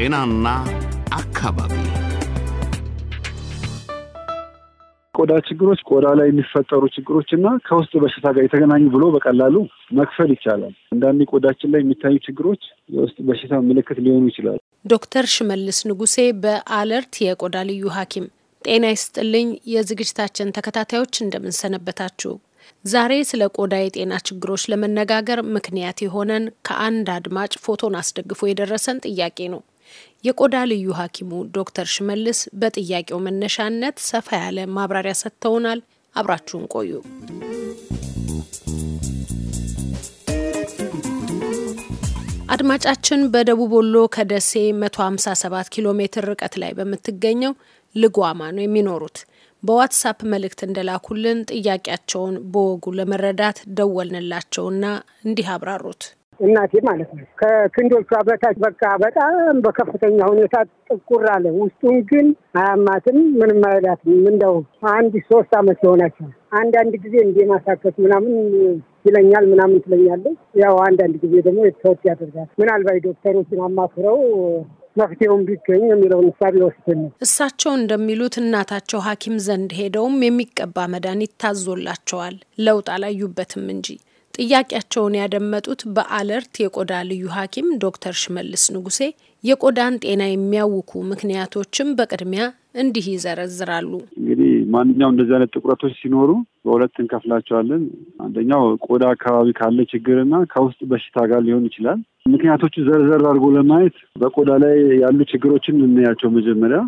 ጤናና አካባቢ ቆዳ ችግሮች፣ ቆዳ ላይ የሚፈጠሩ ችግሮች እና ከውስጥ በሽታ ጋር የተገናኙ ብሎ በቀላሉ መክፈል ይቻላል። አንዳንድ ቆዳችን ላይ የሚታዩ ችግሮች የውስጥ በሽታ ምልክት ሊሆኑ ይችላሉ። ዶክተር ሽመልስ ንጉሴ በአለርት የቆዳ ልዩ ሐኪም ጤና ይስጥልኝ። የዝግጅታችን ተከታታዮች እንደምንሰነበታችሁ። ዛሬ ስለ ቆዳ የጤና ችግሮች ለመነጋገር ምክንያት የሆነን ከአንድ አድማጭ ፎቶን አስደግፎ የደረሰን ጥያቄ ነው። የቆዳ ልዩ ሐኪሙ ዶክተር ሽመልስ በጥያቄው መነሻነት ሰፋ ያለ ማብራሪያ ሰጥተውናል። አብራችሁን ቆዩ። አድማጫችን በደቡብ ወሎ ከደሴ 157 ኪሎ ሜትር ርቀት ላይ በምትገኘው ልጓማ ነው የሚኖሩት። በዋትሳፕ መልእክት እንደላኩልን ጥያቄያቸውን በወጉ ለመረዳት ደወልንላቸውና እንዲህ አብራሩት። እናቴ ማለት ነው። ከክንዶቿ በታች በቃ በጣም በከፍተኛ ሁኔታ ጥቁር አለ። ውስጡን ግን አያማትም፣ ምንም አይላትም። እንደው አንድ ሶስት አመት የሆናቸው አንዳንድ ጊዜ እንዴ ማሳከት ምናምን ይለኛል ምናምን ትለኛለች። ያው አንዳንድ ጊዜ ደግሞ የተወት ያደርጋል። ምናልባት ዶክተሮችን አማክረው መፍትሄውን ቢገኝ የሚለውን እሳቤ ነው። እሳቸው እንደሚሉት እናታቸው ሐኪም ዘንድ ሄደውም የሚቀባ መድኃኒት ታዞላቸዋል። ለውጥ አላዩበትም እንጂ ጥያቄያቸውን ያደመጡት በአለርት የቆዳ ልዩ ሐኪም ዶክተር ሽመልስ ንጉሴ የቆዳን ጤና የሚያውኩ ምክንያቶችም በቅድሚያ እንዲህ ይዘረዝራሉ። እንግዲህ ማንኛውም እንደዚህ አይነት ጥቁረቶች ሲኖሩ በሁለት እንከፍላቸዋለን። አንደኛው ቆዳ አካባቢ ካለ ችግርና ከውስጥ በሽታ ጋር ሊሆን ይችላል። ምክንያቶቹ ዘርዘር አድርጎ ለማየት በቆዳ ላይ ያሉ ችግሮችን እንያቸው። መጀመሪያ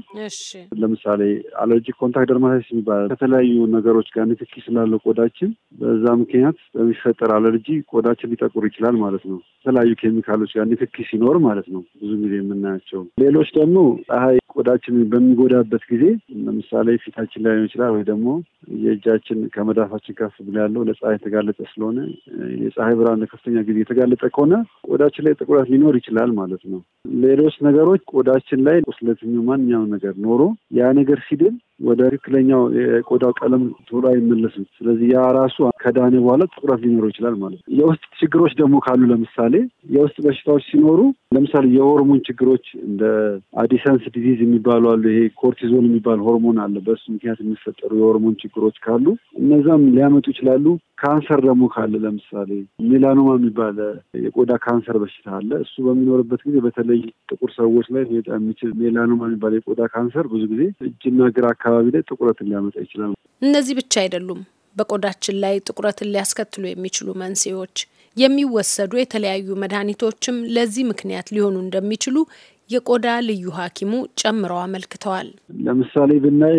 ለምሳሌ አለርጂክ ኮንታክት ደርማታይስ የሚባል ከተለያዩ ነገሮች ጋር ንክኪ ስላለው ቆዳችን በዛ ምክንያት በሚፈጠር አለርጂ ቆዳችን ሊጠቁር ይችላል ማለት ነው። ከተለያዩ ኬሚካሎች ጋር ንክኪ ሲኖር ማለት ነው ብዙ ጊዜ የምናያቸው። ሌሎች ደግሞ ፀሐይ ቆዳችን በሚጎዳበት ጊዜ ለምሳሌ ፊታችን ላይ ሊሆን ይችላል ወይ ደግሞ የእጃችን ከመዳፋችን ከፍ ብሎ ያለው ለፀሐይ የተጋለጠ ስለሆነ የፀሐይ ብርሃን ለከፍተኛ ጊዜ የተጋለጠ ከሆነ ቆዳችን ላይ ጥቁረት ሊኖር ይችላል ማለት ነው። ሌሎች ነገሮች ቆዳችን ላይ ቁስለት፣ ማንኛውም ነገር ኖሮ ያ ነገር ሲድን ወደ ትክክለኛው የቆዳው ቀለም ቶሎ አይመለስም። ስለዚህ ያ ራሱ ከዳነ በኋላ ጥቁረት ሊኖረው ይችላል ማለት ነው። የውስጥ ችግሮች ደግሞ ካሉ ለምሳሌ የውስጥ በሽታዎች ሲኖሩ ለምሳሌ የሆርሞን ችግሮች እንደ አዲሰንስ ዲዚዝ የሚባሉ አሉ። ይሄ ኮርቲዞን የሚባል ሆርሞን አለ። በሱ ምክንያት የሚፈጠሩ የሆርሞን ችግሮች ካሉ እነዛም ሊያመጡ ይችላሉ። ካንሰር ደግሞ ካለ ለምሳሌ ሜላኖማ የሚባለ የቆዳ ካንሰር በሽታ አለ። እሱ በሚኖርበት ጊዜ በተለይ ጥቁር ሰዎች ላይ የሚችል ሜላኖማ የሚባለ የቆዳ ካንሰር ብዙ ጊዜ እጅና ግራ አካባቢ ላይ ጥቁረትን ሊያመጣ ይችላል። እነዚህ ብቻ አይደሉም። በቆዳችን ላይ ጥቁረትን ሊያስከትሉ የሚችሉ መንስኤዎች የሚወሰዱ የተለያዩ መድኃኒቶችም ለዚህ ምክንያት ሊሆኑ እንደሚችሉ የቆዳ ልዩ ሐኪሙ ጨምረው አመልክተዋል። ለምሳሌ ብናይ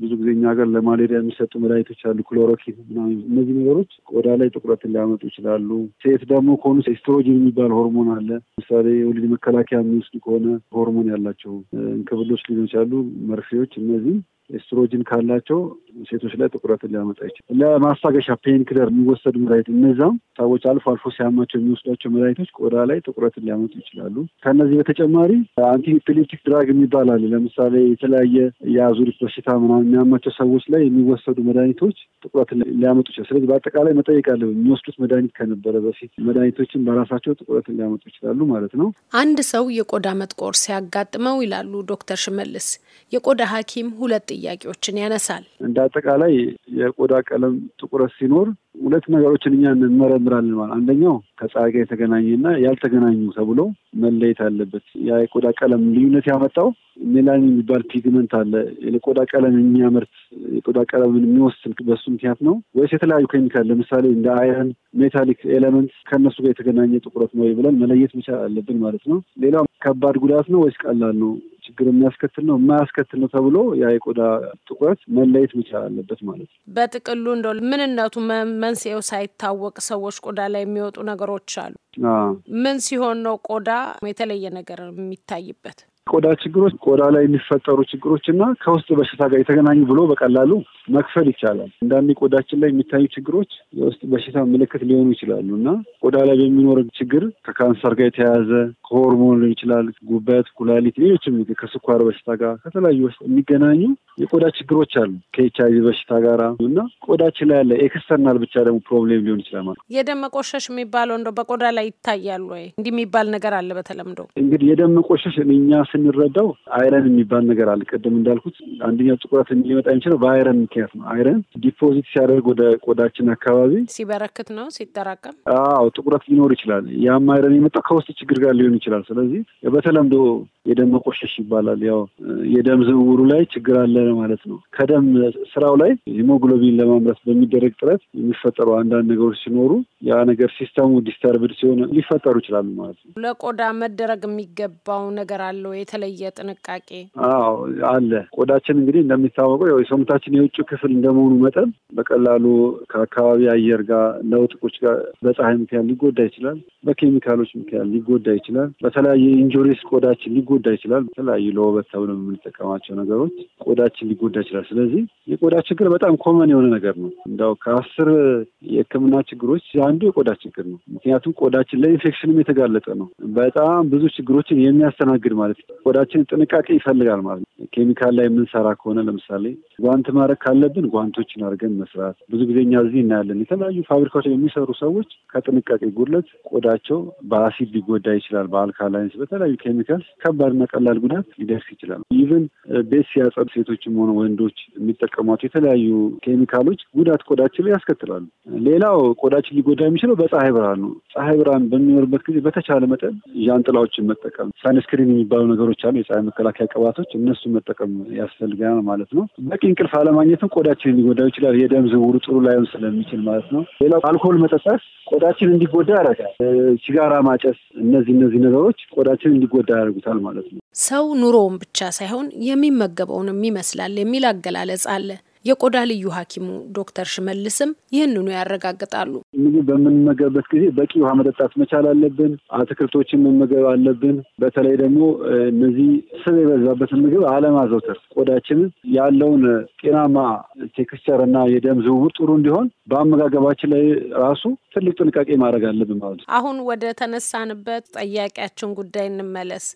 ብዙ ጊዜ እኛ ሀገር ለማሌሪያ የሚሰጡ መድኃኒቶች አሉ፣ ክሎሮኪን ምናምን። እነዚህ ነገሮች ቆዳ ላይ ጥቁረትን ሊያመጡ ይችላሉ። ሴት ደግሞ ከሆኑ ኤስትሮጂን የሚባል ሆርሞን አለ። ለምሳሌ የወሊድ መከላከያ የሚወስዱ ከሆነ ሆርሞን ያላቸው እንክብሎች ሊሆን ይችላሉ፣ መርፌዎች። እነዚህ ኤስትሮጂን ካላቸው ሴቶች ላይ ጥቁረትን ሊያመጣ ይችላል። ለማስታገሻ ፔን ክለር የሚወሰዱ መድኃኒት እነዛም ሰዎች አልፎ አልፎ ሲያማቸው የሚወስዷቸው መድኃኒቶች ቆዳ ላይ ጥቁረትን ሊያመጡ ይችላሉ። ከእነዚህ በተጨማሪ አንቲ ኢፒሌፕቲክ ድራግ የሚባል አለ። ለምሳሌ የተለያየ የአዙሪት በሽታ ምናምን የሚያማቸው ሰዎች ላይ የሚወሰዱ መድኃኒቶች ጥቁረትን ሊያመጡ ይችላል። ስለዚህ በአጠቃላይ መጠየቅ አለ የሚወስዱት መድኃኒት ከነበረ በፊት መድኃኒቶችን በራሳቸው ጥቁረትን ሊያመጡ ይችላሉ ማለት ነው። አንድ ሰው የቆዳ መጥቆር ሲያጋጥመው ይላሉ ዶክተር ሽመልስ የቆዳ ሐኪም ሁለት ጥያቄዎችን ያነሳል። እንደ አጠቃላይ የቆዳ ቀለም ጥቁረት ሲኖር ሁለት ነገሮችን እኛ እንመረ እንጀምራለን ማለት አንደኛው ከፀሐይ ጋር የተገናኘና ያልተገናኙ ተብሎ መለየት አለበት። ያ የቆዳ ቀለም ልዩነት ያመጣው ሜላኒን የሚባል ፒግመንት አለ። የቆዳ ቀለም የሚያመርት የቆዳ ቀለምን የሚወስን በሱ ምክንያት ነው ወይስ የተለያዩ ኬሚካል ለምሳሌ እንደ አይረን ሜታሊክ ኤሌመንት ከእነሱ ጋር የተገናኘ ጥቁረት ነው ብለን መለየት መቻል አለብን ማለት ነው። ሌላው ከባድ ጉዳት ነው ወይስ ቀላል ነው ችግር የሚያስከትል ነው የማያስከትል ነው ተብሎ ያ የቆዳ ጥቁረት መለየት መቻል አለበት ማለት ነው። በጥቅሉ እንደ ምንነቱ መንስኤው ሳይታወቅ ሰዎች ቆዳ ላይ የሚወጡ ነገሮች አሉ። ምን ሲሆን ነው ቆዳ የተለየ ነገር የሚታይበት? ቆዳ ችግሮች ቆዳ ላይ የሚፈጠሩ ችግሮች እና ከውስጥ በሽታ ጋር የተገናኙ ብሎ በቀላሉ መክፈል ይቻላል። አንዳንዴ ቆዳችን ላይ የሚታዩ ችግሮች የውስጥ በሽታ ምልክት ሊሆኑ ይችላሉ እና ቆዳ ላይ በሚኖር ችግር ከካንሰር ጋር የተያያዘ ከሆርሞን ሊሆን ይችላል፣ ጉበት፣ ኩላሊት፣ ሌሎችም ከስኳር በሽታ ጋር ከተለያዩ ውስጥ የሚገናኙ የቆዳ ችግሮች አሉ ከኤች አይቪ በሽታ ጋር እና ቆዳችን ላይ ያለ ኤክስተርናል ብቻ ደግሞ ፕሮብሌም ሊሆን ይችላል ማለት ነው። የደም መቆሸሽ የሚባለው እንደው በቆዳ ላይ ይታያል ወይ? እንዲህ የሚባል ነገር አለ በተለምዶ እንግዲህ የደም መቆሸሽ እኛ ስንረዳው አይረን የሚባል ነገር አለ። ቅድም እንዳልኩት አንደኛው ጥቁረት ሊመጣ የሚችለው በአይረን ምክንያት ነው። አይረን ዲፖዚት ሲያደርግ ወደ ቆዳችን አካባቢ ሲበረክት ነው ሲጠራቀም፣ አዎ ጥቁረት ሊኖር ይችላል። ያም አይረን የመጣው ከውስጥ ችግር ጋር ሊሆን ይችላል። ስለዚህ በተለምዶ የደም መቆሸሽ ይባላል። ያው የደም ዝውውሩ ላይ ችግር አለ ማለት ነው። ከደም ስራው ላይ ሂሞግሎቢን ለማምረት በሚደረግ ጥረት የሚፈጠሩ አንዳንድ ነገሮች ሲኖሩ ያ ነገር ሲስተሙ ዲስተርብድ ሲሆን ሊፈጠሩ ይችላሉ ማለት ነው። ለቆዳ መደረግ የሚገባው ነገር አለው የተለየ ጥንቃቄ? አዎ አለ። ቆዳችን እንግዲህ እንደሚታወቀው የሰውነታችን የውጭ ክፍል እንደመሆኑ መጠን በቀላሉ ከአካባቢ አየር ጋር ለውጦች ጋር በፀሐይ ምክንያት ሊጎዳ ይችላል። በኬሚካሎች ምክንያት ሊጎዳ ይችላል። በተለያየ ኢንጁሪስ ቆዳችን ሊጎዳ ይችላል። በተለያዩ ለውበት ተብሎ የምንጠቀማቸው ነገሮች ቆዳችን ሊጎዳ ይችላል። ስለዚህ የቆዳ ችግር በጣም ኮመን የሆነ ነገር ነው። እንዲያው ከአስር የሕክምና ችግሮች አንዱ የቆዳ ችግር ነው። ምክንያቱም ቆዳችን ለኢንፌክሽንም የተጋለጠ ነው። በጣም ብዙ ችግሮችን የሚያስተናግድ ማለት ነው። ቆዳችን ጥንቃቄ ይፈልጋል ማለት ነው። ኬሚካል ላይ የምንሰራ ከሆነ ለምሳሌ ጓንት ማድረግ ካለብን ጓንቶችን አድርገን መስራት። ብዙ ጊዜ እኛ እዚህ እናያለን የተለያዩ ፋብሪካዎች የሚሰሩ ሰዎች ከጥንቃቄ ጉድለት ቆዳቸው በአሲድ ሊጎዳ ይችላል። በአልካላይንስ በተለያዩ ኬሚካልስ ከባድና ቀላል ጉዳት ሊደርስ ይችላል። ኢቨን ቤት ሲያጸዱ ሴቶችም ሆነ ወንዶች የሚጠቀሟቸው የተለያዩ ኬሚካሎች ጉዳት ቆዳችን ላይ ያስከትላሉ። ሌላው ቆዳችን ሊጎዳ የሚችለው በፀሐይ ብርሃን ነው። ፀሐይ ብርሃን በሚኖርበት ጊዜ በተቻለ መጠን ዣንጥላዎችን መጠቀም፣ ሳንስክሪን የሚባሉ ነገሮች አሉ፣ የፀሐይ መከላከያ ቅባቶች፣ እነሱ መጠቀም ያስፈልገናል ማለት ነው። በቂ እንቅልፍ አለማግኘት ምክንያቱም ቆዳችን ሊጎዳው ይችላል። የደም ዝውውሩ ጥሩ ላይሆን ስለሚችል ማለት ነው። ሌላው አልኮል መጠጣት ቆዳችን እንዲጎዳ ያደርጋል። ሲጋራ ማጨስ፣ እነዚህ እነዚህ ነገሮች ቆዳችን እንዲጎዳ ያደርጉታል ማለት ነው። ሰው ኑሮውን ብቻ ሳይሆን የሚመገበውንም ይመስላል የሚል አገላለጽ አለ። የቆዳ ልዩ ሐኪሙ ዶክተር ሽመልስም ይህንኑ ያረጋግጣሉ። ምግብ በምንመገብበት ጊዜ በቂ ውሃ መጠጣት መቻል አለብን። አትክልቶችን መመገብ አለብን። በተለይ ደግሞ እነዚህ ስብ የበዛበትን ምግብ አለማዘውተር ቆዳችንን ያለውን ጤናማ ቴክስቸር እና የደም ዝውውር ጥሩ እንዲሆን በአመጋገባችን ላይ ራሱ ትልቅ ጥንቃቄ ማድረግ አለብን ማለት ነው። አሁን ወደ ተነሳንበት ጠያቂያችን ጉዳይ እንመለስ።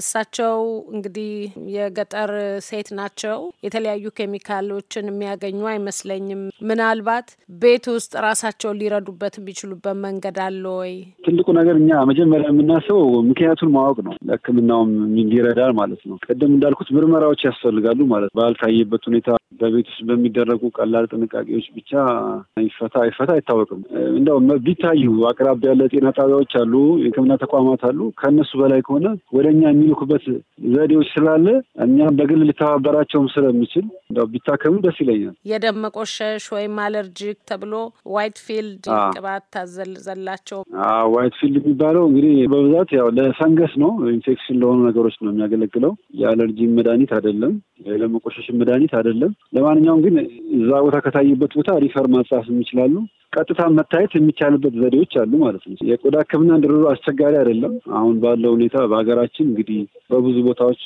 እሳቸው እንግዲህ የገጠር ሴት ናቸው። የተለያዩ ኬሚካል ቀላሎችን የሚያገኙ አይመስለኝም። ምናልባት ቤት ውስጥ ራሳቸውን ሊረዱበት የሚችሉበት መንገድ አለ ወይ? ትልቁ ነገር እኛ መጀመሪያ የምናስበው ምክንያቱን ማወቅ ነው። ለሕክምናውም ይረዳል ማለት ነው። ቅድም እንዳልኩት ምርመራዎች ያስፈልጋሉ ማለት ባልታየበት ሁኔታ በቤት ውስጥ በሚደረጉ ቀላል ጥንቃቄዎች ብቻ ይፈታ ይፈታ አይታወቅም። እንደው ቢታዩ አቅራቢያ ያለ ጤና ጣቢያዎች አሉ፣ የሕክምና ተቋማት አሉ። ከእነሱ በላይ ከሆነ ወደ እኛ የሚልኩበት ዘዴዎች ስላለ እኛም በግል ሊተባበራቸውም ስለሚችል እንደው ቢታከሙ ደስ ይለኛል። የደም መቆሸሽ ወይም አለርጂክ ተብሎ ዋይት ፊልድ ቅባት ታዘዘላቸው። ዋይት ፊልድ የሚባለው እንግዲህ በብዛት ያው ለፈንገስ ነው፣ ኢንፌክሽን ለሆኑ ነገሮች ነው የሚያገለግለው። የአለርጂ መድኃኒት አይደለም። ለመቆሸሽ መድኃኒት አይደለም። ለማንኛውም ግን እዛ ቦታ ከታዩበት ቦታ ሪፈር ማጻፍ ይችላሉ። ቀጥታ መታየት የሚቻልበት ዘዴዎች አሉ ማለት ነው። የቆዳ ሕክምና ድሮ አስቸጋሪ አይደለም። አሁን ባለው ሁኔታ በሀገራችን እንግዲህ በብዙ ቦታዎች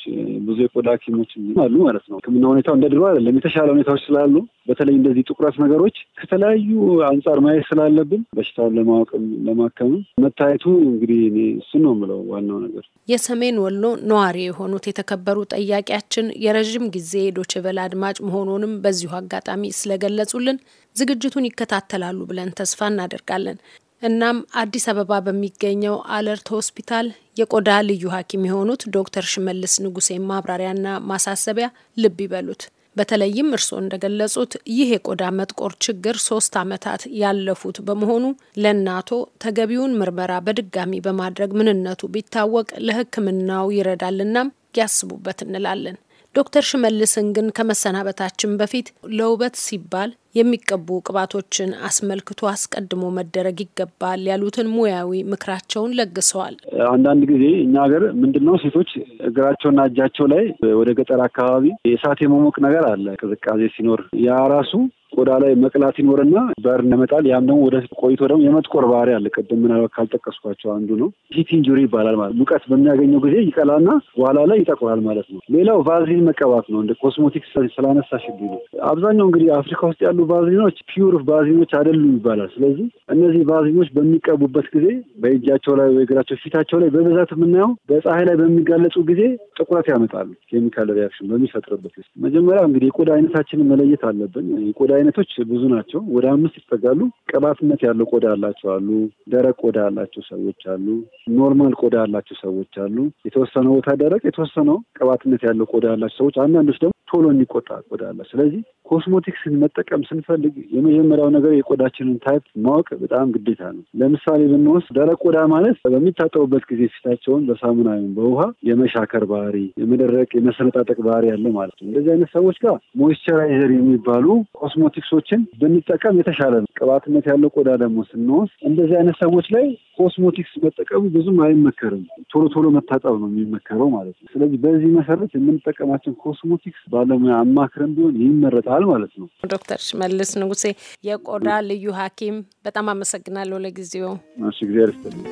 ብዙ የቆዳ ሐኪሞች አሉ ማለት ነው። ሕክምና ሁኔታው እንደ ድሮ አይደለም። የተሻለ ሁኔታዎች ስላሉ በተለይ እንደዚህ ጥቁረት ነገሮች ከተለያዩ አንጻር ማየት ስላለብን በሽታውን ለማወቅም ለማከምም መታየቱ እንግዲህ እኔ እሱን ነው የምለው ዋናው ነገር። የሰሜን ወሎ ነዋሪ የሆኑት የተከበሩ ጠያቂያችን የረዥም ጊዜ ዶችቨል አድማጭ መሆኑንም በዚሁ አጋጣሚ ስለገለጹልን ዝግጅቱን ይከታተላሉ ብለን ተስፋ እናደርጋለን። እናም አዲስ አበባ በሚገኘው አለርት ሆስፒታል የቆዳ ልዩ ሐኪም የሆኑት ዶክተር ሽመልስ ንጉሴ ማብራሪያና ማሳሰቢያ ልብ ይበሉት። በተለይም እርስዎ እንደገለጹት ይህ የቆዳ መጥቆር ችግር ሶስት ዓመታት ያለፉት በመሆኑ ለእናቶ ተገቢውን ምርመራ በድጋሚ በማድረግ ምንነቱ ቢታወቅ ለሕክምናው ይረዳልናም ያስቡበት እንላለን። ዶክተር ሽመልስን ግን ከመሰናበታችን በፊት ለውበት ሲባል የሚቀቡ ቅባቶችን አስመልክቶ አስቀድሞ መደረግ ይገባል ያሉትን ሙያዊ ምክራቸውን ለግሰዋል። አንዳንድ ጊዜ እኛ ሀገር ምንድነው ሴቶች እግራቸውና እጃቸው ላይ ወደ ገጠር አካባቢ የእሳት የመሞቅ ነገር አለ። ቅዝቃዜ ሲኖር ያ ራሱ ቆዳ ላይ መቅላት ይኖርና በር ለመጣል ያም ደግሞ ወደ ቆይቶ ደግሞ የመጥቆር ባህሪ አለ። ቅድም ምናልባት ካልጠቀስኳቸው አንዱ ነው። ሂት ኢንጁሪ ይባላል ማለት ሙቀት በሚያገኘው ጊዜ ይቀላና በኋላ ላይ ይጠቁራል ማለት ነው። ሌላው ቫዝሊን መቀባት ነው። እንደ ኮስሞቲክስ ስላነሳሽብኝ ነው። አብዛኛው እንግዲህ አፍሪካ ውስጥ ያሉ ቫዝሊኖች ፒውር ቫዝሊኖች አይደሉም ይባላል። ስለዚህ እነዚህ ቫዝሊኖች በሚቀቡበት ጊዜ በእጃቸው ላይ፣ በእግራቸው፣ ፊታቸው ላይ በብዛት የምናየው በፀሐይ ላይ በሚጋለጹ ጊዜ ጥቁረት ያመጣሉ። ኬሚካል ሪያክሽን በሚፈጥርበት መጀመሪያ እንግዲህ የቆዳ አይነታችንን መለየት አለብን። የቆዳ አይነቶች ብዙ ናቸው። ወደ አምስት ይጠጋሉ። ቅባትነት ያለው ቆዳ ያላቸው አሉ። ደረቅ ቆዳ ያላቸው ሰዎች አሉ። ኖርማል ቆዳ ያላቸው ሰዎች አሉ። የተወሰነው ቦታ ደረቅ፣ የተወሰነው ቅባትነት ያለው ቆዳ ያላቸው ሰዎች፣ አንዳንዶች ደግሞ ቶሎ የሚቆጣ ቆዳ አለ። ስለዚህ ኮስሞቲክስን መጠቀም ስንፈልግ የመጀመሪያው ነገር የቆዳችንን ታይፕ ማወቅ በጣም ግዴታ ነው። ለምሳሌ ብንወስድ ደረቅ ቆዳ ማለት በሚታጠቡበት ጊዜ ፊታቸውን በሳሙና ወይም በውሃ የመሻከር ባህሪ፣ የመደረቅ፣ የመሰነጣጠቅ ባህሪ ያለ ማለት ነው። እንደዚህ አይነት ሰዎች ጋር ሞይስቸራይዘር የሚባሉ ኮስሞቲክ ኮስሞቲክሶችን ብንጠቀም የተሻለ ነው። ቅባትነት ያለው ቆዳ ደግሞ ስንወስድ እንደዚህ አይነት ሰዎች ላይ ኮስሞቲክስ መጠቀሙ ብዙም አይመከርም። ቶሎ ቶሎ መታጠብ ነው የሚመከረው ማለት ነው። ስለዚህ በዚህ መሰረት የምንጠቀማቸው ኮስሞቲክስ ባለሙያ አማክረን ቢሆን ይመረጣል ማለት ነው። ዶክተር ሽመልስ ንጉሴ የቆዳ ልዩ ሐኪም በጣም አመሰግናለሁ ለጊዜው። እሺ እግዚአብሔር ይስጥልኝ።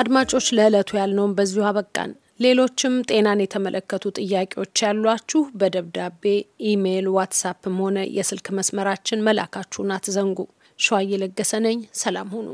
አድማጮች ለዕለቱ ያልነውን በዚሁ አበቃን። ሌሎችም ጤናን የተመለከቱ ጥያቄዎች ያሏችሁ በደብዳቤ፣ ኢሜይል፣ ዋትሳፕም ሆነ የስልክ መስመራችን መላካችሁን አትዘንጉ። ሸዋዬ ለገሰ ነኝ። ሰላም ሁኑ።